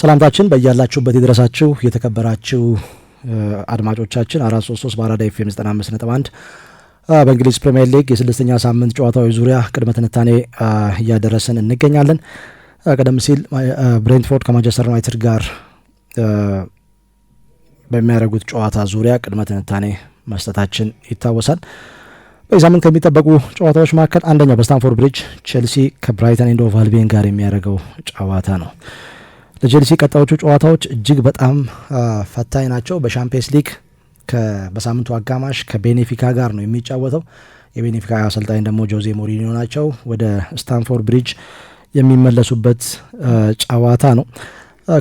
ሰላምታችን በያላችሁበት የደረሳችሁ የተከበራችሁ አድማጮቻችን አራት ሶስት ሶስት በአራዳ ኤፍ ኤም ዘጠና አምስት ነጥብ አንድ በእንግሊዝ ፕሪምየር ሊግ የስድስተኛ ሳምንት ጨዋታዎች ዙሪያ ቅድመ ትንታኔ እያደረስን እንገኛለን። ቀደም ሲል ብሬንትፎርድ ከማንቸስተር ዩናይትድ ጋር በሚያደርጉት ጨዋታ ዙሪያ ቅድመ ትንታኔ መስጠታችን ይታወሳል። በዚህ ሳምንት ከሚጠበቁ ጨዋታዎች መካከል አንደኛው በስታንፎርድ ብሪጅ ቼልሲ ከብራይተን ኤንድ ሆቭ ጋር የሚያደርገው ጨዋታ ነው። ለቼልሲ ቀጣዮቹ ጨዋታዎች እጅግ በጣም ፈታኝ ናቸው። በሻምፒየንስ ሊግ በሳምንቱ አጋማሽ ከቤኔፊካ ጋር ነው የሚጫወተው። የቤኔፊካ አሰልጣኝ ደግሞ ጆዜ ሞሪኒዮ ናቸው። ወደ ስታንፎርድ ብሪጅ የሚመለሱበት ጨዋታ ነው።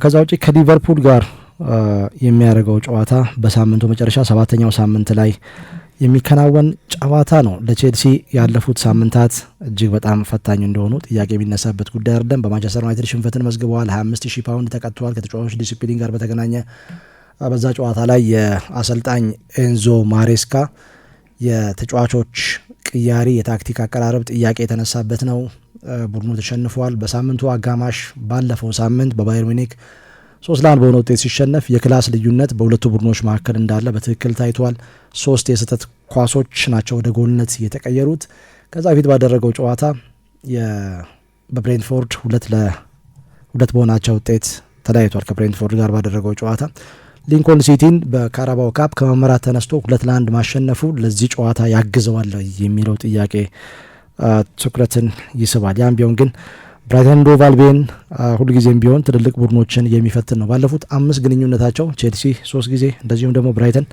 ከዛ ውጪ ከሊቨርፑል ጋር የሚያደርገው ጨዋታ በሳምንቱ መጨረሻ ሰባተኛው ሳምንት ላይ የሚከናወን ጨዋታ ነው። ለቼልሲ ያለፉት ሳምንታት እጅግ በጣም ፈታኝ እንደሆኑ ጥያቄ የሚነሳበት ጉዳይ አይደለም። በማንቸስተር ዩናይትድ ሽንፈትን መዝግበዋል። 25 ሺህ ፓውንድ ተቀጥተዋል። ከተጫዋቾች ዲሲፕሊን ጋር በተገናኘ በዛ ጨዋታ ላይ የአሰልጣኝ ኤንዞ ማሬስካ የተጫዋቾች ቅያሪ የታክቲክ አቀራረብ ጥያቄ የተነሳበት ነው። ቡድኑ ተሸንፏል። በሳምንቱ አጋማሽ ባለፈው ሳምንት በባየር ሚኒክ ሶስት ለአንድ በሆነ ውጤት ሲሸነፍ የክላስ ልዩነት በሁለቱ ቡድኖች መካከል እንዳለ በትክክል ታይቷል። ሶስት የስህተት ኳሶች ናቸው ወደ ጎልነት የተቀየሩት። ከዛ በፊት ባደረገው ጨዋታ በብሬንትፎርድ ሁለት ለሁለት በሆናቸው ውጤት ተለያይቷል። ከብሬንትፎርድ ጋር ባደረገው ጨዋታ ሊንኮን ሲቲን በካራባው ካፕ ከመመራት ተነስቶ ሁለት ለአንድ ማሸነፉ ለዚህ ጨዋታ ያግዘዋል የሚለው ጥያቄ ትኩረትን ይስባል። ያም ቢሆን ግን ብራይተን ዶቭ አልቢዮን ሁልጊዜም ቢሆን ትልልቅ ቡድኖችን የሚፈትን ነው። ባለፉት አምስት ግንኙነታቸው ቼልሲ ሶስት ጊዜ እንደዚሁም ደግሞ ብራይተን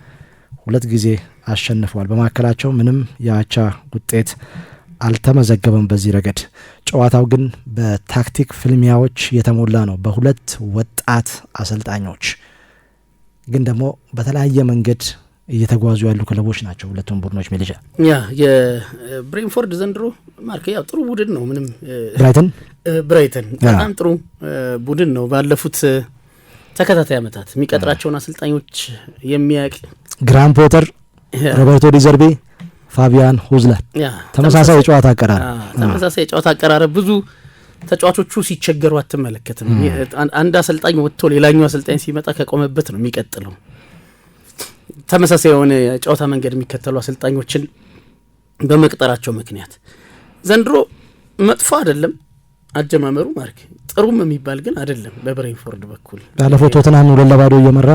ሁለት ጊዜ አሸንፈዋል። በመካከላቸው ምንም የአቻ ውጤት አልተመዘገበም። በዚህ ረገድ ጨዋታው ግን በታክቲክ ፍልሚያዎች የተሞላ ነው። በሁለት ወጣት አሰልጣኞች ግን ደግሞ በተለያየ መንገድ እየተጓዙ ያሉ ክለቦች ናቸው ሁለቱም ቡድኖች። ሜልጃ ያ የብሬንፎርድ ዘንድሮ ማርክ ያው ጥሩ ቡድን ነው። ምንም ብራይተን ብራይተን በጣም ጥሩ ቡድን ነው ባለፉት ተከታታይ አመታት የሚቀጥራቸውን አሰልጣኞች የሚያቅ ግራን ፖተር፣ ሮበርቶ ዲዘርቤ፣ ፋቢያን ሁዝላን ተመሳሳይ የጨዋታ አቀራረብ ተመሳሳይ የጨዋታ አቀራረብ ብዙ ተጫዋቾቹ ሲቸገሩ አትመለከትም። አንድ አሰልጣኝ ወጥቶ ሌላኛው አሰልጣኝ ሲመጣ ከቆመበት ነው የሚቀጥለው። ተመሳሳይ የሆነ የጨዋታ መንገድ የሚከተሉ አሰልጣኞችን በመቅጠራቸው ምክንያት ዘንድሮ መጥፎ አይደለም አጀማመሩ ማርክ ጥሩም የሚባል ግን አይደለም። በብሬንፎርድ በኩል ባለፈው ቶትናን ሁለት ለባዶ እየመራ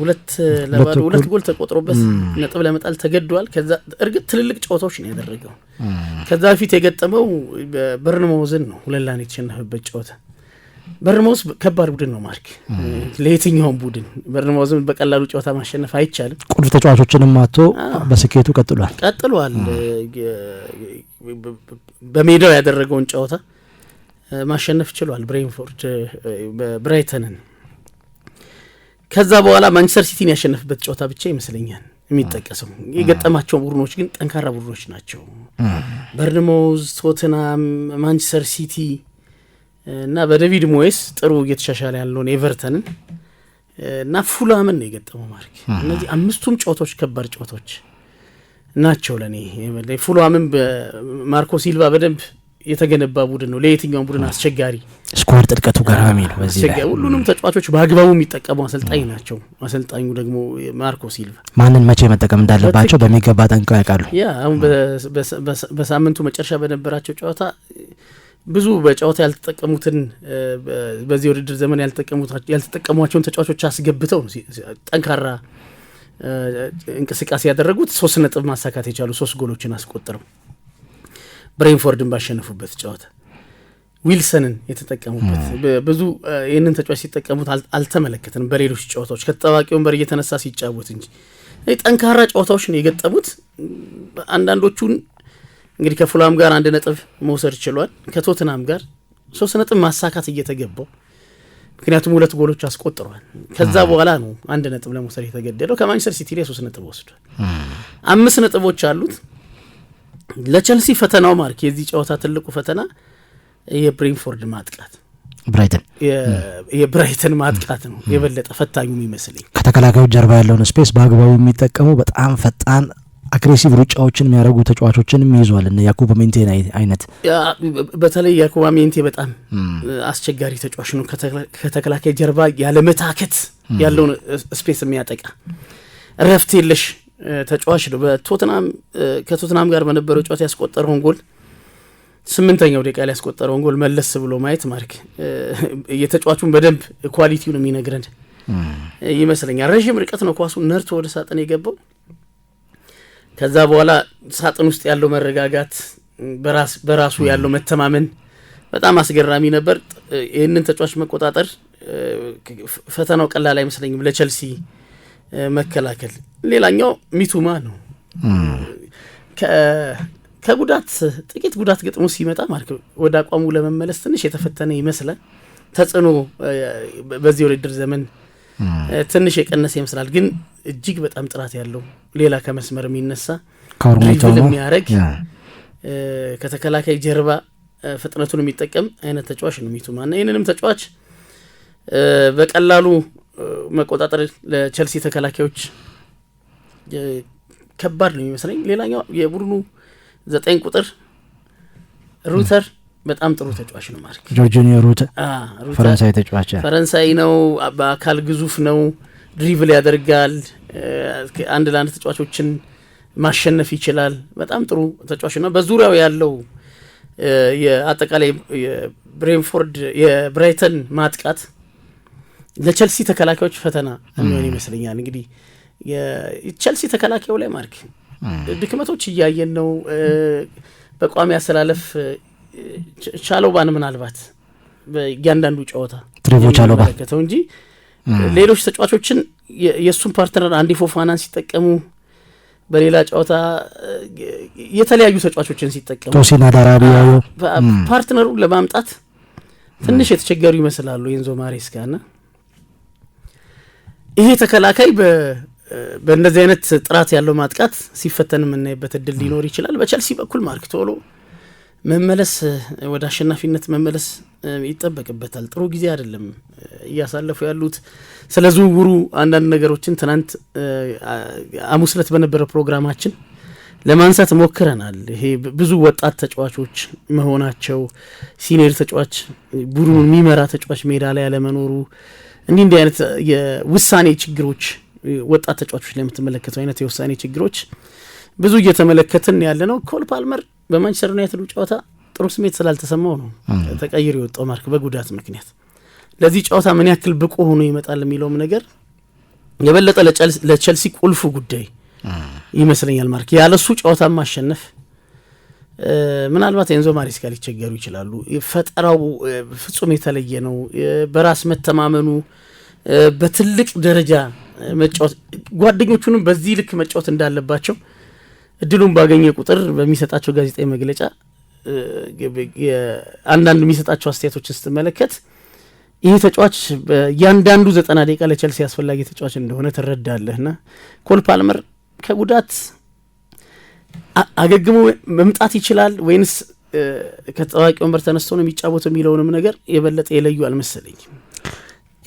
ሁለት ለባዶ ሁለት ጎል ተቆጥሮበት ነጥብ ለመጣል ተገዷል። ከዛ እርግጥ ትልልቅ ጨዋታዎች ነው ያደረገው። ከዛ በፊት የገጠመው በርንማውዝን ነው ሁለት ለአንድ የተሸነፈበት ጨዋታ። በርንማውዝ ከባድ ቡድን ነው ማርክ፣ ለየትኛውም ቡድን በርንማውዝን በቀላሉ ጨዋታ ማሸነፍ አይቻልም። ቁልፍ ተጫዋቾችንም ማቶ በስኬቱ ቀጥሏል ቀጥሏል በሜዳው ያደረገውን ጨዋታ ማሸነፍ ችሏል ብሬንፎርድ ብራይተንን። ከዛ በኋላ ማንቸስተር ሲቲን ያሸነፍበት ጨዋታ ብቻ ይመስለኛል የሚጠቀሰው። የገጠማቸው ቡድኖች ግን ጠንካራ ቡድኖች ናቸው። በርንሞዝ፣ ቶትናም፣ ማንቸስተር ሲቲ እና በደቪድ ሞይስ ጥሩ እየተሻሻለ ያለውን ኤቨርተንን እና ፉላምን ነው የገጠመው። ማርክ እነዚህ አምስቱም ጨዋታዎች ከባድ ጨዋታዎች ናቸው ለእኔ። ፉላምን ማርኮ ሲልቫ በደንብ የተገነባ ቡድን ነው። ለየትኛውም ቡድን አስቸጋሪ ስኳድ ጥልቀቱ ገራሚ ነው። ሁሉንም ተጫዋቾች በአግባቡ የሚጠቀሙ አሰልጣኝ ናቸው። አሰልጣኙ ደግሞ ማርኮ ሲልቫ ማንን መቼ መጠቀም እንዳለባቸው በሚገባ ጠንቀው ያውቃሉ። ያ አሁን በሳምንቱ መጨረሻ በነበራቸው ጨዋታ ብዙ በጨዋታ ያልተጠቀሙትን በዚህ ውድድር ዘመን ያልተጠቀሟቸውን ተጫዋቾች አስገብተው ጠንካራ እንቅስቃሴ ያደረጉት። ሶስት ነጥብ ማሳካት የቻሉ ሶስት ጎሎችን አስቆጥረው ብሬንፎርድን ባሸነፉበት ጨዋታ ዊልሰንን የተጠቀሙበት ብዙ ይህንን ተጫዋች ሲጠቀሙት አልተመለከትንም። በሌሎች ጨዋታዎች ከተጠባቂ ወንበር እየተነሳ ሲጫወት እንጂ ጠንካራ ጨዋታዎች ነው የገጠሙት። አንዳንዶቹን እንግዲህ ከፉላም ጋር አንድ ነጥብ መውሰድ ችሏል። ከቶትናም ጋር ሶስት ነጥብ ማሳካት እየተገባው ምክንያቱም ሁለት ጎሎች አስቆጥሯል። ከዛ በኋላ ነው አንድ ነጥብ ለመውሰድ የተገደለው። ከማንቸስተር ሲቲ ላይ ሶስት ነጥብ ወስዷል። አምስት ነጥቦች አሉት። ለቸልሲ ፈተናው ማርክ የዚህ ጨዋታ ትልቁ ፈተና የብሬንፎርድ ማጥቃት ብራይተን የብራይተን ማጥቃት ነው የበለጠ ፈታኙ ይመስለኝ። ከተከላካዮች ጀርባ ያለውን ስፔስ በአግባቡ የሚጠቀሙ በጣም ፈጣን አግሬሲቭ ሩጫዎችን የሚያደርጉ ተጫዋቾችንም ይዟል። እነ ያኩባ ሜንቴን አይነት በተለይ ያኩባ ሜንቴ በጣም አስቸጋሪ ተጫዋች ነው። ከተከላካይ ጀርባ ያለመታከት ያለውን ስፔስ የሚያጠቃ እረፍት የለሽ ተጫዋች ነው። በቶትናም ከቶትናም ጋር በነበረው ጨዋታ ያስቆጠረውን ጎል ስምንተኛው ደቂቃ ላይ ያስቆጠረውን ጎል መለስ ብሎ ማየት ማርክ የተጫዋቹን በደንብ ነው የሚነግረን ይመስለኛል። ረዥም ርቀት ነው ኳሱ ነርቶ ወደ ሳጥን የገባው። ከዛ በኋላ ሳጥን ውስጥ ያለው መረጋጋት፣ በራሱ ያለው መተማመን በጣም አስገራሚ ነበር። ይህንን ተጫዋች መቆጣጠር ፈተናው ቀላል አይመስለኝም ለቸልሲ መከላከል ሌላኛው ሚቱማ ነው። ከጉዳት ጥቂት ጉዳት ገጥሞ ሲመጣ ማለት ወደ አቋሙ ለመመለስ ትንሽ የተፈተነ ይመስላል። ተጽዕኖ በዚህ ውድድር ዘመን ትንሽ የቀነሰ ይመስላል። ግን እጅግ በጣም ጥራት ያለው ሌላ ከመስመር የሚነሳ ድሪብል የሚያደርግ ከተከላካይ ጀርባ ፍጥነቱን የሚጠቀም አይነት ተጫዋች ነው ሚቱማ እና ይህንንም ተጫዋች በቀላሉ መቆጣጠር ለቸልሲ ተከላካዮች ከባድ ነው የሚመስለኝ። ሌላኛው የቡድኑ ዘጠኝ ቁጥር ሩተር በጣም ጥሩ ተጫዋች ነው። ማርክ ጆርጂኒዮ ሩተር ፈረንሳይ ተጫዋች ፈረንሳይ ነው። በአካል ግዙፍ ነው። ድሪብል ያደርጋል። አንድ ለአንድ ተጫዋቾችን ማሸነፍ ይችላል። በጣም ጥሩ ተጫዋች ነው። በዙሪያው ያለው የአጠቃላይ የብሬንፎርድ የብራይተን ማጥቃት ለቸልሲ ተከላካዮች ፈተና የሚሆን ይመስለኛል። እንግዲህ የቸልሲ ተከላካዩ ላይ ማርክ ድክመቶች እያየን ነው። በቋሚ አሰላለፍ ቻሎባን ምናልባት እያንዳንዱ ጨዋታ ትሪቮ ቻሎባ ተመለከተው እንጂ ሌሎች ተጫዋቾችን የእሱን ፓርትነር አንዲ ፎፋናን ሲጠቀሙ በሌላ ጨዋታ የተለያዩ ተጫዋቾችን ሲጠቀሙ ቶሲና ዳራቢያ ፓርትነሩን ለማምጣት ትንሽ የተቸገሩ ይመስላሉ። የንዞ ማሬስካ ና ይሄ ተከላካይ በእንደዚህ አይነት ጥራት ያለው ማጥቃት ሲፈተን የምናይበት እድል ሊኖር ይችላል። በቸልሲ በኩል ማርክ ቶሎ መመለስ ወደ አሸናፊነት መመለስ ይጠበቅበታል። ጥሩ ጊዜ አይደለም እያሳለፉ ያሉት። ስለ ዝውውሩ አንዳንድ ነገሮችን ትናንት ሐሙስ ዕለት በነበረ ፕሮግራማችን ለማንሳት ሞክረናል። ይሄ ብዙ ወጣት ተጫዋቾች መሆናቸው፣ ሲኒየር ተጫዋች ቡድኑን የሚመራ ተጫዋች ሜዳ ላይ አለመኖሩ እንዲህ እንዲህ አይነት የውሳኔ ችግሮች ወጣት ተጫዋቾች ላይ የምትመለከተው አይነት የውሳኔ ችግሮች ብዙ እየተመለከትን ያለ ነው። ኮል ፓልመር በማንቸስተር ዩናይትድ ጨዋታ ጥሩ ስሜት ስላልተሰማው ነው ተቀይሮ የወጣው ማርክ በጉዳት ምክንያት። ለዚህ ጨዋታ ምን ያክል ብቁ ሆኖ ይመጣል የሚለውም ነገር የበለጠ ለቸልሲ ቁልፉ ጉዳይ ይመስለኛል። ማርክ ያለሱ ጨዋታ ማሸነፍ ምናልባት ኤንዞ ማሬስካ ሊቸገሩ ይችላሉ። ፈጠራው ፍጹም የተለየ ነው። በራስ መተማመኑ በትልቅ ደረጃ መጫወት ጓደኞቹንም በዚህ ልክ መጫወት እንዳለባቸው እድሉን ባገኘ ቁጥር በሚሰጣቸው ጋዜጣዊ መግለጫ አንዳንድ የሚሰጣቸው አስተያየቶችን ስትመለከት ይሄ ተጫዋች እያንዳንዱ ዘጠና ደቂቃ ለቸልሲ አስፈላጊ ተጫዋች እንደሆነ ትረዳለህና ኮል ፓልመር ከጉዳት አገግሞ መምጣት ይችላል ወይንስ ከተጠባቂ ወንበር ተነስቶ ነው የሚጫወተው የሚለውንም ነገር የበለጠ የለዩ አልመሰለኝ።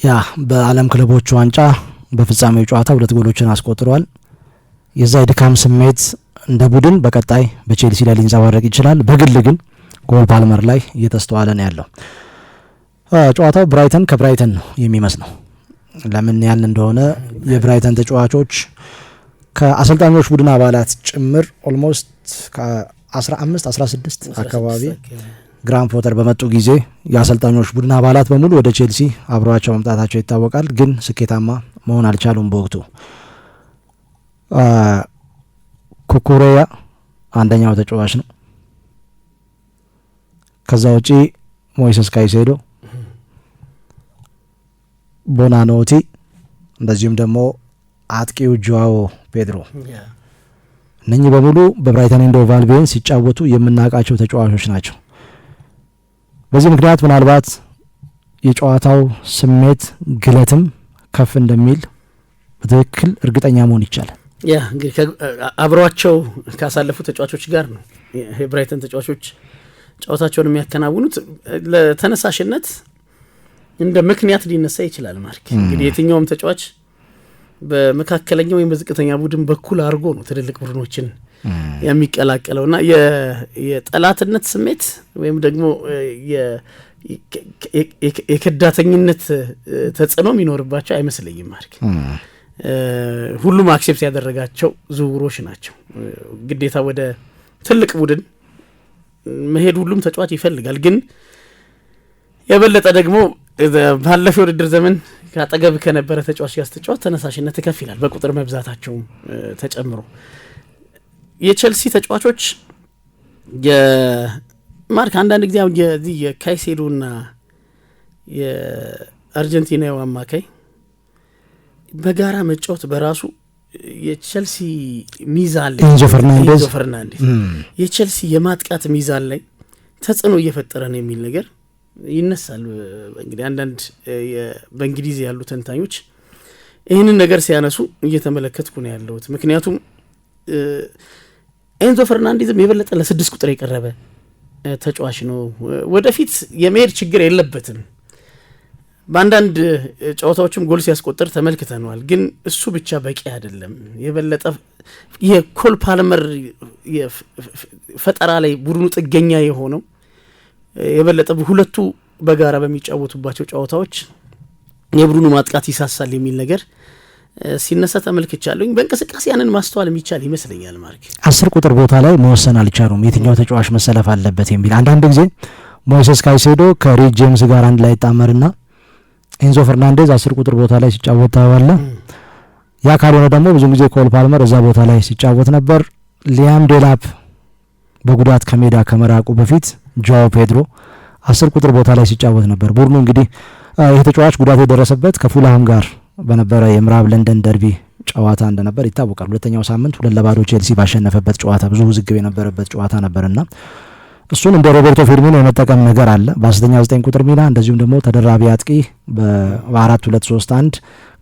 ያ በዓለም ክለቦች ዋንጫ በፍጻሜው ጨዋታ ሁለት ጎሎችን አስቆጥሯል። የዛ የድካም ስሜት እንደ ቡድን በቀጣይ በቼልሲ ላይ ሊንጸባረቅ ይችላል። በግል ግን ጎል ፓልመር ላይ እየተስተዋለ ነው ያለው። ጨዋታው ብራይተን ከብራይተን ነው የሚመስለው። ለምን ያል እንደሆነ የብራይተን ተጫዋቾች ከአሰልጣኞች ቡድን አባላት ጭምር ኦልሞስት ከ15 16 አካባቢ ግራም ፖተር በመጡ ጊዜ የአሰልጣኞች ቡድን አባላት በሙሉ ወደ ቼልሲ አብረቸው መምጣታቸው ይታወቃል። ግን ስኬታማ መሆን አልቻሉም። በወቅቱ ኩኩሬያ አንደኛው ተጫዋች ነው። ከዛ ውጪ ሞይሰስ ካይሴዶ፣ ቦናኖቲ እንደዚሁም ደግሞ አጥቂው ጆዋዎ ፔድሮ እነኚህ በሙሉ በብራይተን ኤንድ ሆቭ ሲጫወቱ የምናውቃቸው ተጫዋቾች ናቸው። በዚህ ምክንያት ምናልባት የጨዋታው ስሜት ግለትም ከፍ እንደሚል በትክክል እርግጠኛ መሆን ይቻላል። ያ እንግዲህ አብሯቸው ካሳለፉ ተጫዋቾች ጋር ነው የብራይተን ተጫዋቾች ጨዋታቸውን የሚያከናውኑት። ለተነሳሽነት እንደ ምክንያት ሊነሳ ይችላል። ማርክ hmm. እንግዲህ የትኛውም ተጫዋች በመካከለኛ ወይም በዝቅተኛ ቡድን በኩል አድርጎ ነው ትልልቅ ቡድኖችን የሚቀላቀለው እና የጠላትነት ስሜት ወይም ደግሞ የከዳተኝነት ተጽዕኖ የሚኖርባቸው አይመስለኝም። አድርግ ሁሉም አክሴፕት ያደረጋቸው ዝውውሮች ናቸው። ግዴታ ወደ ትልቅ ቡድን መሄድ ሁሉም ተጫዋች ይፈልጋል ግን የበለጠ ደግሞ ባለፈው ውድድር ዘመን ከአጠገብ ከነበረ ተጫዋች ጋር ስትጫወት ተነሳሽነት ከፍ ይላል። በቁጥር መብዛታቸውም ተጨምሮ የቼልሲ ተጫዋቾች ማርክ አንዳንድ ጊዜ አሁን የካይሴዶና የአርጀንቲና አማካይ በጋራ መጫወት በራሱ የቼልሲ ሚዛን ላይ ኢንዞ ፈርናንዴዝ የቼልሲ የማጥቃት ሚዛን ላይ ተጽዕኖ እየፈጠረ ነው የሚል ነገር ይነሳል። እንግዲህ አንዳንድ በእንግሊዝ ያሉ ተንታኞች ይህንን ነገር ሲያነሱ እየተመለከትኩ ነው ያለሁት። ምክንያቱም ኤንዞ ፈርናንዴዝም የበለጠ ለስድስት ቁጥር የቀረበ ተጫዋች ነው። ወደፊት የመሄድ ችግር የለበትም። በአንዳንድ ጨዋታዎችም ጎል ሲያስቆጥር ተመልክተነዋል። ግን እሱ ብቻ በቂ አይደለም። የበለጠ የኮል ፓልመር ፈጠራ ላይ ቡድኑ ጥገኛ የሆነው የበለጠ ሁለቱ በጋራ በሚጫወቱባቸው ጨዋታዎች የቡድኑ ማጥቃት ይሳሳል የሚል ነገር ሲነሳ ተመልክቻለሁኝ። በእንቅስቃሴ ያንን ማስተዋል የሚቻል ይመስለኛል። ማርክ አስር ቁጥር ቦታ ላይ መወሰን አልቻሉም፣ የትኛው ተጫዋች መሰለፍ አለበት የሚል አንዳንድ ጊዜ ሞይሴስ ካይሴዶ ከሪድ ጄምስ ጋር አንድ ላይ ይጣመርና ኤንዞ ፈርናንዴዝ አስር ቁጥር ቦታ ላይ ሲጫወት ታዋለ። ያ ካልሆነ ደግሞ ብዙ ጊዜ ኮል ፓልመር እዛ ቦታ ላይ ሲጫወት ነበር። ሊያም ዴላፕ በጉዳት ከሜዳ ከመራቁ በፊት ጆው ፔድሮ አስር ቁጥር ቦታ ላይ ሲጫወት ነበር። ቡድኑ እንግዲህ ይህ ተጫዋች ጉዳት የደረሰበት ከፉልሃም ጋር በነበረ የምዕራብ ለንደን ደርቢ ጨዋታ እንደነበር ይታወቃል። ሁለተኛው ሳምንት ሁለት ለባዶ ቼልሲ ባሸነፈበት ጨዋታ ብዙ ውዝግብ የነበረበት ጨዋታ ነበርና እሱን እንደ ሮቤርቶ ፊርሚኖ የመጠቀም ነገር አለ በአስተኛ ዘጠኝ ቁጥር ሚና እንደዚሁም ደግሞ ተደራቢ አጥቂ በአራት ሁለት ሶስት አንድ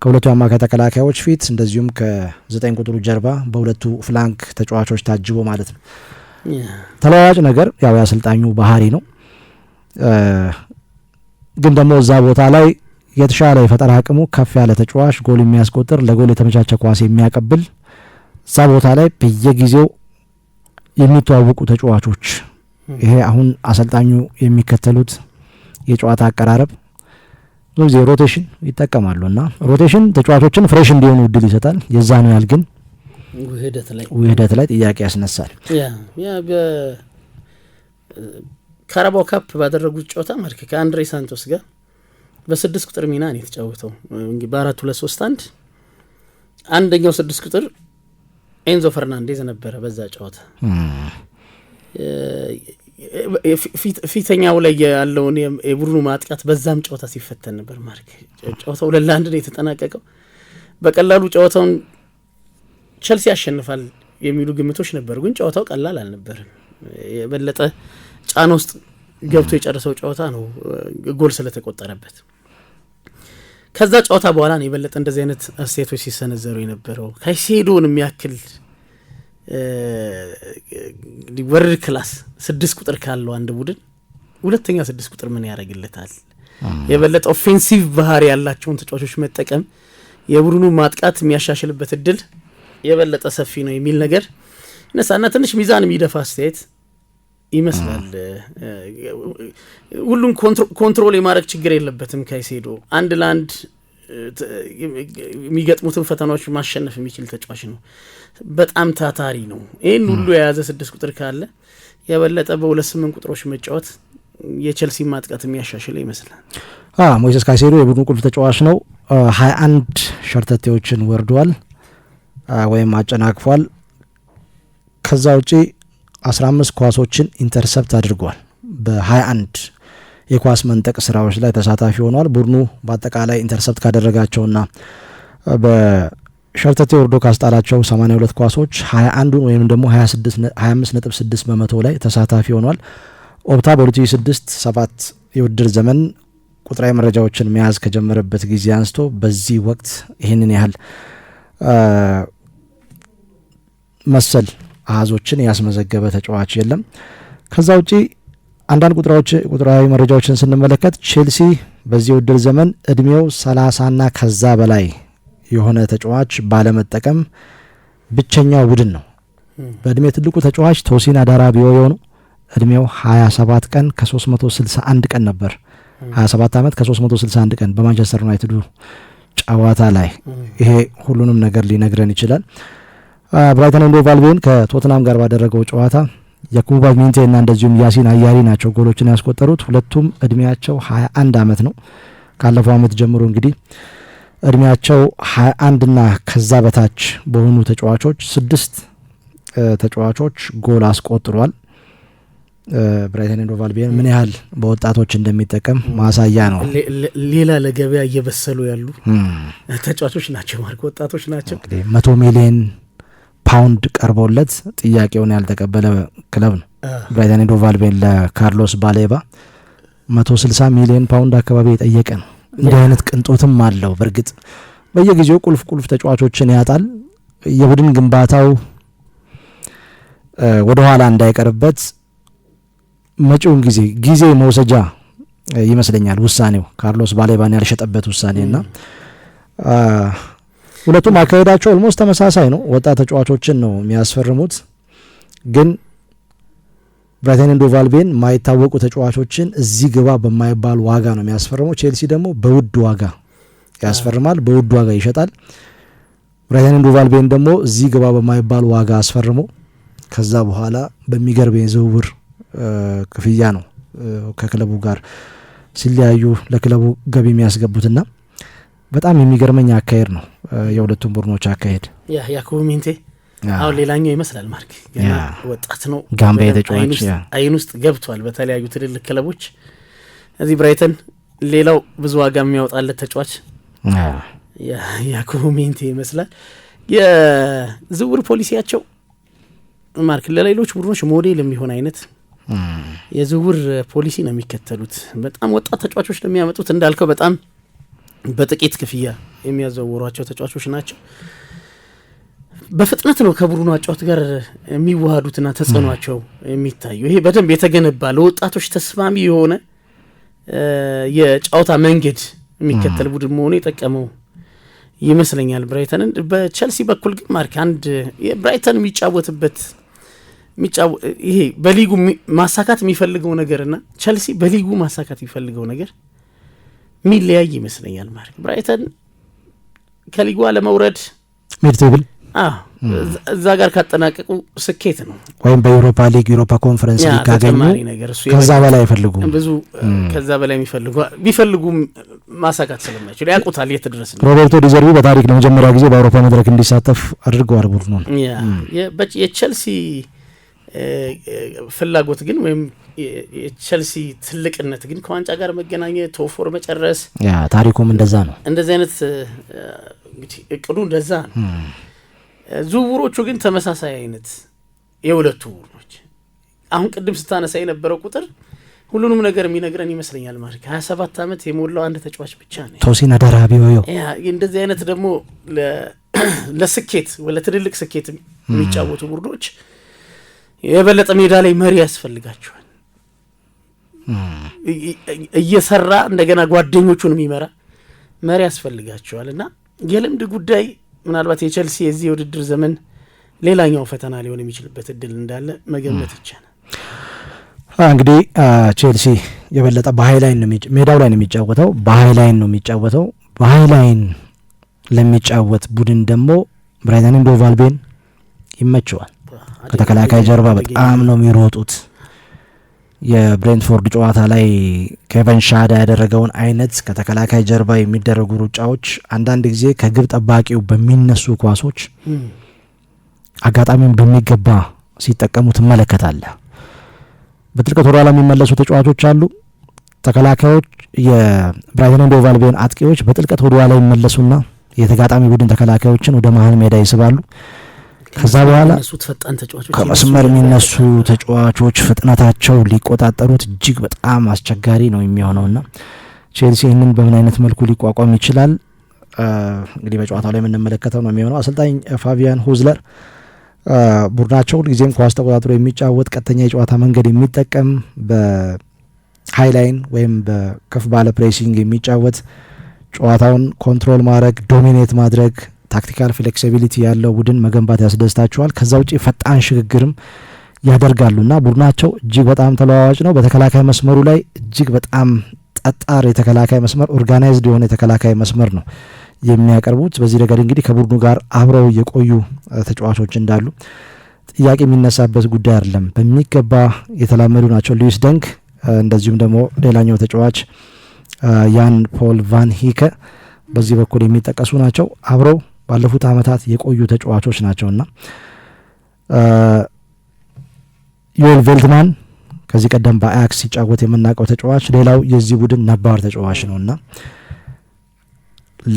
ከሁለቱ አማካይ ተከላካዮች ፊት እንደዚሁም ከዘጠኝ ቁጥሩ ጀርባ በሁለቱ ፍላንክ ተጫዋቾች ታጅቦ ማለት ነው። ተለዋጭ ነገር ያው የአሰልጣኙ ባህሪ ነው። ግን ደግሞ እዛ ቦታ ላይ የተሻለ የፈጠራ አቅሙ ከፍ ያለ ተጫዋች ጎል የሚያስቆጥር ለጎል የተመቻቸ ኳስ የሚያቀብል እዛ ቦታ ላይ በየጊዜው የሚተዋወቁ ተጫዋቾች ይሄ አሁን አሰልጣኙ የሚከተሉት የጨዋታ አቀራረብ ብዙ ጊዜ ሮቴሽን ይጠቀማሉ እና ሮቴሽን ተጫዋቾችን ፍሬሽ እንዲሆኑ እድል ይሰጣል። የዛ ነው ያህል ግን ውህደት ላይ ጥያቄ ያስነሳል። ካረባው ካፕ ባደረጉት ጨዋታ መልክ ከአንድሬ ሳንቶስ ጋር በስድስት ቁጥር ሚና ነው የተጫወተው። በአራት ሁለት ሶስት አንድ አንደኛው ስድስት ቁጥር ኤንዞ ፈርናንዴዝ ነበረ። በዛ ጨዋታ ፊተኛው ላይ ያለውን የቡድኑ ማጥቃት በዛም ጨዋታ ሲፈተን ነበር። ማርክ ጨዋታው ሁለት ለአንድ ነው የተጠናቀቀው። በቀላሉ ጨዋታውን ቸልሲ ያሸንፋል የሚሉ ግምቶች ነበሩ፣ ግን ጨዋታው ቀላል አልነበርም። የበለጠ ጫና ውስጥ ገብቶ የጨረሰው ጨዋታ ነው ጎል ስለተቆጠረበት። ከዛ ጨዋታ በኋላ ነው የበለጠ እንደዚህ አይነት አስተያየቶች ሲሰነዘሩ የነበረው። ካይሴዶን የሚያክል ወርድ ክላስ ስድስት ቁጥር ካለው አንድ ቡድን ሁለተኛ ስድስት ቁጥር ምን ያደርግለታል? የበለጠ ኦፌንሲቭ ባህሪ ያላቸውን ተጫዋቾች መጠቀም የቡድኑ ማጥቃት የሚያሻሽልበት እድል የበለጠ ሰፊ ነው የሚል ነገር ይነሳና ትንሽ ሚዛን የሚደፋ አስተያየት ይመስላል። ሁሉም ኮንትሮል የማድረግ ችግር የለበትም። ካይሴዶ አንድ ለአንድ የሚገጥሙትን ፈተናዎች ማሸነፍ የሚችል ተጫዋች ነው። በጣም ታታሪ ነው። ይህን ሁሉ የያዘ ስድስት ቁጥር ካለ የበለጠ በሁለት ስምንት ቁጥሮች መጫወት የቸልሲ ማጥቃት የሚያሻሽለ ይመስላል። ሞይሴስ ካይሴዶ የቡድን ቁልፍ ተጫዋች ነው። ሀያ አንድ ሸርተቴዎችን ወርደዋል። ወይም አጨናቅፏል። ከዛ ውጪ 15 ኳሶችን ኢንተርሰፕት አድርጓል። በ21 የኳስ መንጠቅ ስራዎች ላይ ተሳታፊ ሆኗል። ቡድኑ በአጠቃላይ ኢንተርሰፕት ካደረጋቸውና በሸርተቴ ወርዶ ካስጣላቸው 82 ኳሶች 21ዱን ወይም ደግሞ 25.6 በመቶ ላይ ተሳታፊ ሆኗል። ኦፕታ በ2006 ሰባት የውድድር ዘመን ቁጥራዊ መረጃዎችን መያዝ ከጀመረበት ጊዜ አንስቶ በዚህ ወቅት ይህንን ያህል መሰል አሃዞችን ያስመዘገበ ተጫዋች የለም። ከዛ ውጪ አንዳንድ ቁጥራዎች ቁጥራዊ መረጃዎችን ስንመለከት ቼልሲ በዚህ ውድድር ዘመን እድሜው ሰላሳና ከዛ በላይ የሆነ ተጫዋች ባለመጠቀም ብቸኛው ቡድን ነው። በእድሜ ትልቁ ተጫዋች ቶሲን አዳራቢዮ የሆኑ እድሜው 27 ቀን ከ361 ቀን ነበር። 27 ዓመት ከ361 ቀን በማንቸስተር ዩናይትዱ ጨዋታ ላይ ይሄ ሁሉንም ነገር ሊነግረን ይችላል። ብራይተን ኤንድ ሆቭ አልቢዮን ከቶትናም ጋር ባደረገው ጨዋታ የኩባ ሚንቴ እና እንደዚሁም ያሲን አያሪ ናቸው ጎሎችን ያስቆጠሩት። ሁለቱም እድሜያቸው 21 ዓመት ነው። ካለፈው ዓመት ጀምሮ እንግዲህ እድሜያቸው 21 እና ከዛ በታች በሆኑ ተጫዋቾች ስድስት ተጫዋቾች ጎል አስቆጥሯል። ብራይተን ኤንድ ሆቭ አልቢዮን ምን ያህል በወጣቶች እንደሚጠቀም ማሳያ ነው። ሌላ ለገበያ እየበሰሉ ያሉ ተጫዋቾች ናቸው ማለት ወጣቶች ናቸው። መቶ ሚሊዮን ፓውንድ ቀርቦለት ጥያቄውን ያልተቀበለ ክለብ ነው። ብራይተን ኤንድ ሆቭ አልቢዮን ለካርሎስ ባሌባ ስልሳ ሚሊዮን ፓውንድ አካባቢ የጠየቀ ነው። እንዲህ አይነት ቅንጦትም አለው። በእርግጥ በየጊዜው ቁልፍ ቁልፍ ተጫዋቾችን ያጣል። የቡድን ግንባታው ወደ ኋላ እንዳይቀርበት መጪውን ጊዜ ጊዜ መውሰጃ ይመስለኛል ውሳኔው ካርሎስ ባሌባን ያልሸጠበት ውሳኔ እና ሁለቱም አካሄዳቸው ኦልሞስት ተመሳሳይ ነው። ወጣት ተጫዋቾችን ነው የሚያስፈርሙት። ግን ብራይተን ኤንዶ ቫልቤን ማይታወቁ ተጫዋቾችን እዚህ ግባ በማይባል ዋጋ ነው የሚያስፈርሙ። ቼልሲ ደግሞ በውድ ዋጋ ያስፈርማል፣ በውድ ዋጋ ይሸጣል። ብራይተን ኤንዶ ቫልቤን ደግሞ እዚህ ግባ በማይባል ዋጋ አስፈርሞ ከዛ በኋላ በሚገርም የዝውውር ክፍያ ነው ከክለቡ ጋር ሲለያዩ ለክለቡ ገቢ የሚያስገቡትና በጣም የሚገርመኝ አካሄድ ነው የሁለቱም ቡድኖች አካሄድ። ያኩብ ሚንቴ አሁን ሌላኛው ይመስላል ማርክ ወጣት ነው፣ ጋምባ የተጫዋች አይን ውስጥ ገብቷል በተለያዩ ትልልቅ ክለቦች። እዚህ ብራይተን ሌላው ብዙ ዋጋ የሚያወጣለት ተጫዋች ያኮብ ሚንቴ ይመስላል። የዝውውር ፖሊሲያቸው ማርክ ለሌሎች ቡድኖች ሞዴል የሚሆን አይነት የዝውውር ፖሊሲ ነው የሚከተሉት። በጣም ወጣት ተጫዋቾች ለሚያመጡት እንዳልከው በጣም በጥቂት ክፍያ የሚያዘውሯቸው ተጫዋቾች ናቸው። በፍጥነት ነው ከቡድኑ አጫዋት ጋር የሚዋሃዱትና ተጽዕኗቸው የሚታዩ። ይሄ በደንብ የተገነባ ለወጣቶች ተስማሚ የሆነ የጨዋታ መንገድ የሚከተል ቡድን መሆኑ የጠቀመው ይመስለኛል ብራይተንን። በቸልሲ በኩል ግን ማርክ አንድ የብራይተን የሚጫወትበት ይሄ በሊጉ ማሳካት የሚፈልገው ነገርና ቸልሲ በሊጉ ማሳካት የሚፈልገው ነገር የሚለያይ ይመስለኛል። ማሪ ብራይተን ከሊጓ ለመውረድ ሜድቴብል እዛ ጋር ካጠናቀቁ ስኬት ነው፣ ወይም በዩሮፓ ሊግ ዩሮፓ ኮንፈረንስ ሊግ ካገኙ ከዛ በላይ አይፈልጉ ብዙ ከዛ በላይ የሚፈልጉ ቢፈልጉም ማሳካት ስለማይችሉ ያውቁታል የት ድረስ ነው። ሮቤርቶ ዲዘርቢ በታሪክ ለመጀመሪያ ጊዜ በአውሮፓ መድረክ እንዲሳተፍ አድርገዋል ቡድኑን። የቼልሲ ፍላጎት ግን ወይም የቸልሲ ትልቅነት ግን ከዋንጫ ጋር መገናኘት ቶፎር መጨረስ ታሪኩም እንደዛ ነው። እንደዚህ አይነት እንግዲህ እቅዱ እንደዛ ነው። ዝውውሮቹ ግን ተመሳሳይ አይነት የሁለቱ ቡድኖች አሁን ቅድም ስታነሳ የነበረው ቁጥር ሁሉንም ነገር የሚነግረን ይመስለኛል። ማለት ሀያ ሰባት ዓመት የሞላው አንድ ተጫዋች ብቻ ነው ቶሲን አደራቢ ሆዮ እንደዚህ አይነት ደግሞ ለስኬት ለትልልቅ ስኬት የሚጫወቱ ቡድኖች የበለጠ ሜዳ ላይ መሪ ያስፈልጋቸዋል። እየሰራ እንደገና ጓደኞቹን የሚመራ መሪ ያስፈልጋቸዋል እና የልምድ ጉዳይ ምናልባት የቼልሲ የዚህ የውድድር ዘመን ሌላኛው ፈተና ሊሆን የሚችልበት እድል እንዳለ መገመት ይቻላል። እንግዲህ ቼልሲ የበለጠ በሀይ ነው ሜዳው ላይ ነው የሚጫወተው፣ በሀይ ላይን ነው የሚጫወተው። በሀይ ላይን ለሚጫወት ቡድን ደግሞ ብራይተን ኤንድ ሆቭ አልቢዮን ይመቸዋል። ከተከላካይ ጀርባ በጣም ነው የሚሮጡት። የብሬንትፎርድ ጨዋታ ላይ ኬቨን ሻዳ ያደረገውን አይነት ከተከላካይ ጀርባ የሚደረጉ ሩጫዎች አንዳንድ ጊዜ ከግብ ጠባቂው በሚነሱ ኳሶች አጋጣሚውን በሚገባ ሲጠቀሙ ትመለከታለ። በጥልቀት ወደኋላ የሚመለሱ ተጫዋቾች አሉ። ተከላካዮች የብራይተን ኤንድ ሆቭ አልቢዮን አጥቂዎች በጥልቀት ወደኋላ ይመለሱና የተጋጣሚ ቡድን ተከላካዮችን ወደ መሀል ሜዳ ይስባሉ። ከዛ በኋላ ከመስመር የሚነሱ ተጫዋቾች ፍጥነታቸው ሊቆጣጠሩት እጅግ በጣም አስቸጋሪ ነው የሚሆነውና ቼልሲ ይህንን በምን አይነት መልኩ ሊቋቋም ይችላል? እንግዲህ በጨዋታው ላይ የምንመለከተው ነው የሚሆነው። አሰልጣኝ ፋቢያን ሁዝለር ቡድናቸው ሁልጊዜም ኳስ ተቆጣጥሮ የሚጫወት ቀጥተኛ የጨዋታ መንገድ የሚጠቀም በሃይላይን ወይም በከፍ ባለ ፕሬሲንግ የሚጫወት ጨዋታውን ኮንትሮል ማድረግ ዶሚኔት ማድረግ ታክቲካል ፍሌክሲቢሊቲ ያለው ቡድን መገንባት ያስደስታቸዋል። ከዛ ውጭ ፈጣን ሽግግርም ያደርጋሉ እና ቡድናቸው እጅግ በጣም ተለዋዋጭ ነው። በተከላካይ መስመሩ ላይ እጅግ በጣም ጠጣር የተከላካይ መስመር፣ ኦርጋናይዝድ የሆነ የተከላካይ መስመር ነው የሚያቀርቡት። በዚህ ነገር እንግዲህ ከቡድኑ ጋር አብረው የቆዩ ተጫዋቾች እንዳሉ ጥያቄ የሚነሳበት ጉዳይ አይደለም። በሚገባ የተላመዱ ናቸው። ሉዊስ ደንክ እንደዚሁም ደግሞ ሌላኛው ተጫዋች ያን ፖል ቫን ሂከ በዚህ በኩል የሚጠቀሱ ናቸው አብረው ባለፉት ዓመታት የቆዩ ተጫዋቾች ናቸውና ዮል ቬልትማን ከዚህ ቀደም በአያክስ ሲጫወት የምናውቀው ተጫዋች ሌላው የዚህ ቡድን ነባር ተጫዋች ነውና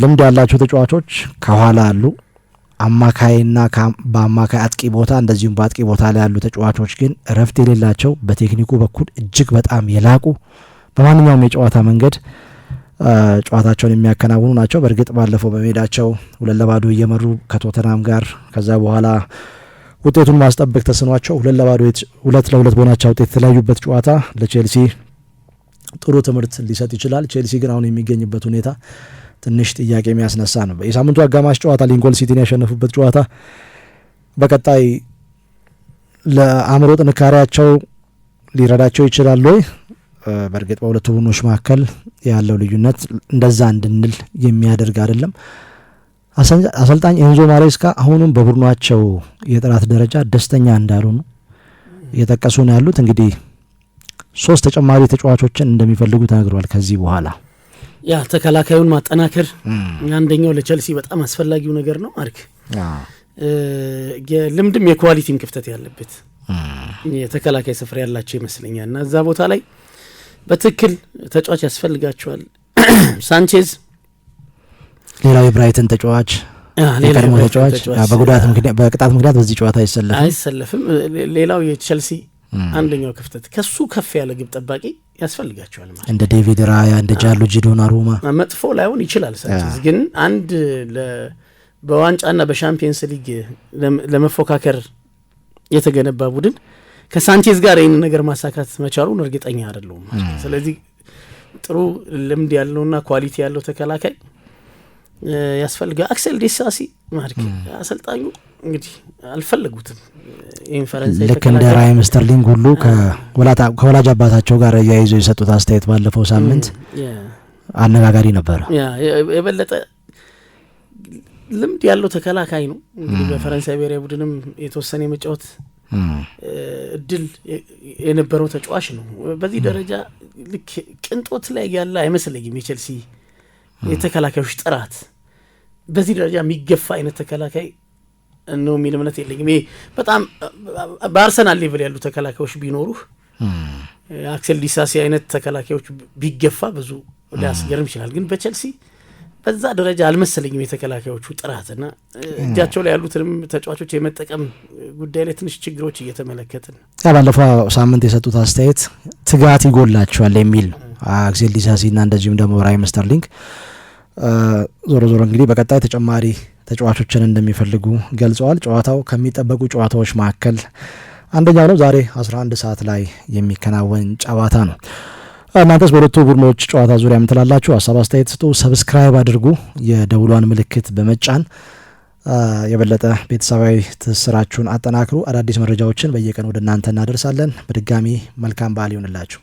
ልምድ ያላቸው ተጫዋቾች ከኋላ አሉ። አማካይና በአማካይ አጥቂ ቦታ እንደዚሁም በአጥቂ ቦታ ላይ ያሉ ተጫዋቾች ግን እረፍት የሌላቸው በቴክኒኩ በኩል እጅግ በጣም የላቁ በማንኛውም የጨዋታ መንገድ ጨዋታቸውን የሚያከናውኑ ናቸው። በእርግጥ ባለፈው በሜዳቸው ሁለት ለባዶ እየመሩ ከቶተናም ጋር ከዛ በኋላ ውጤቱን ማስጠበቅ ተስኗቸው ሁለት ለባዶ ሁለት ለሁለት በሆናቸው ውጤት የተለያዩበት ጨዋታ ለቼልሲ ጥሩ ትምህርት ሊሰጥ ይችላል። ቼልሲ ግን አሁን የሚገኝበት ሁኔታ ትንሽ ጥያቄ የሚያስነሳ ነው። የሳምንቱ አጋማሽ ጨዋታ ሊንኮል ሲቲን ያሸነፉበት ጨዋታ በቀጣይ ለአእምሮ ጥንካሬያቸው ሊረዳቸው ይችላል ወይ? በእርግጥ በሁለቱ ቡድኖች መካከል ያለው ልዩነት እንደዛ እንድንል የሚያደርግ አይደለም። አሰልጣኝ ኤንዞ ማሬስካ አሁኑም በቡድኗቸው የጥራት ደረጃ ደስተኛ እንዳልሆኑ እየጠቀሱ ነው ያሉት። እንግዲህ ሶስት ተጨማሪ ተጫዋቾችን እንደሚፈልጉ ተነግረዋል። ከዚህ በኋላ ያ ተከላካዩን ማጠናከር አንደኛው ለቸልሲ በጣም አስፈላጊው ነገር ነው። አርክ የልምድም የኳሊቲም ክፍተት ያለበት የተከላካይ ስፍራ ያላቸው ይመስለኛል እና እዛ ቦታ ላይ በትክክል ተጫዋች ያስፈልጋቸዋል። ሳንቼዝ ሌላው የብራይተን ተጫዋች የቀድሞ ተጫዋች በጉዳት ምክንያት በቅጣት ምክንያት በዚህ ጨዋታ አይሰለፍም አይሰለፍም። ሌላው የቸልሲ አንደኛው ክፍተት ከሱ ከፍ ያለ ግብ ጠባቂ ያስፈልጋቸዋል ማለት እንደ ዴቪድ ራያ እንደ ጃንሉጂ ዶናሩማ መጥፎ ላይሆን ይችላል። ሳንቼዝ ግን አንድ በዋንጫና በሻምፒየንስ ሊግ ለመፎካከር የተገነባ ቡድን ከሳንቼዝ ጋር ይህን ነገር ማሳካት መቻሉን እርግጠኛ አይደለሁም። ስለዚህ ጥሩ ልምድ ያለውና ኳሊቲ ያለው ተከላካይ ያስፈልጋል። አክሰል ዴሳሲ ማድክ አሰልጣኙ እንግዲህ አልፈለጉትም። ይህን ፈረንሳይ ልክ እንደ ራሂም ስተርሊንግ ሁሉ ከወላጅ አባታቸው ጋር እያይዞ የሰጡት አስተያየት ባለፈው ሳምንት አነጋጋሪ ነበረ። የበለጠ ልምድ ያለው ተከላካይ ነው። እንግዲህ በፈረንሳይ ብሔራዊ ቡድንም የተወሰነ የመጫወት እድል የነበረው ተጫዋች ነው። በዚህ ደረጃ ልክ ቅንጦት ላይ ያለ አይመስለኝም። የቼልሲ የተከላካዮች ጥራት በዚህ ደረጃ የሚገፋ አይነት ተከላካይ ነው የሚል እምነት የለኝም። ይሄ በጣም በአርሰናል ሌቭል ያሉ ተከላካዮች ቢኖሩህ አክሰል ዲሳሲ አይነት ተከላካዮች ቢገፋ ብዙ ሊያስገርም ይችላል። ግን በቼልሲ በዛ ደረጃ አልመሰለኝም የተከላካዮቹ ጥራትና እጃቸው ላይ ያሉትንም ተጫዋቾች የመጠቀም ጉዳይ ላይ ትንሽ ችግሮች እየተመለከትን ያ ባለፈው ሳምንት የሰጡት አስተያየት ትጋት ይጎላቸዋል የሚል ነው። ዲሳሲ እና እንደዚሁም ደግሞ ራሂም ስተርሊንግ ዞሮ ዞሮ እንግዲህ በቀጣይ ተጨማሪ ተጫዋቾችን እንደሚፈልጉ ገልጸዋል። ጨዋታው ከሚጠበቁ ጨዋታዎች መካከል አንደኛው ነው። ዛሬ 11 ሰዓት ላይ የሚከናወን ጨዋታ ነው። እናንተስ በሁለቱ ቡድኖች ጨዋታ ዙሪያ የምትላላችሁ ሀሳብ አስተያየት ስጡ፣ ሰብስክራይብ አድርጉ። የደውሏን ምልክት በመጫን የበለጠ ቤተሰባዊ ትስስራችሁን አጠናክሩ። አዳዲስ መረጃዎችን በየቀን ወደ እናንተ እናደርሳለን። በድጋሚ መልካም በዓል ይሆንላችሁ።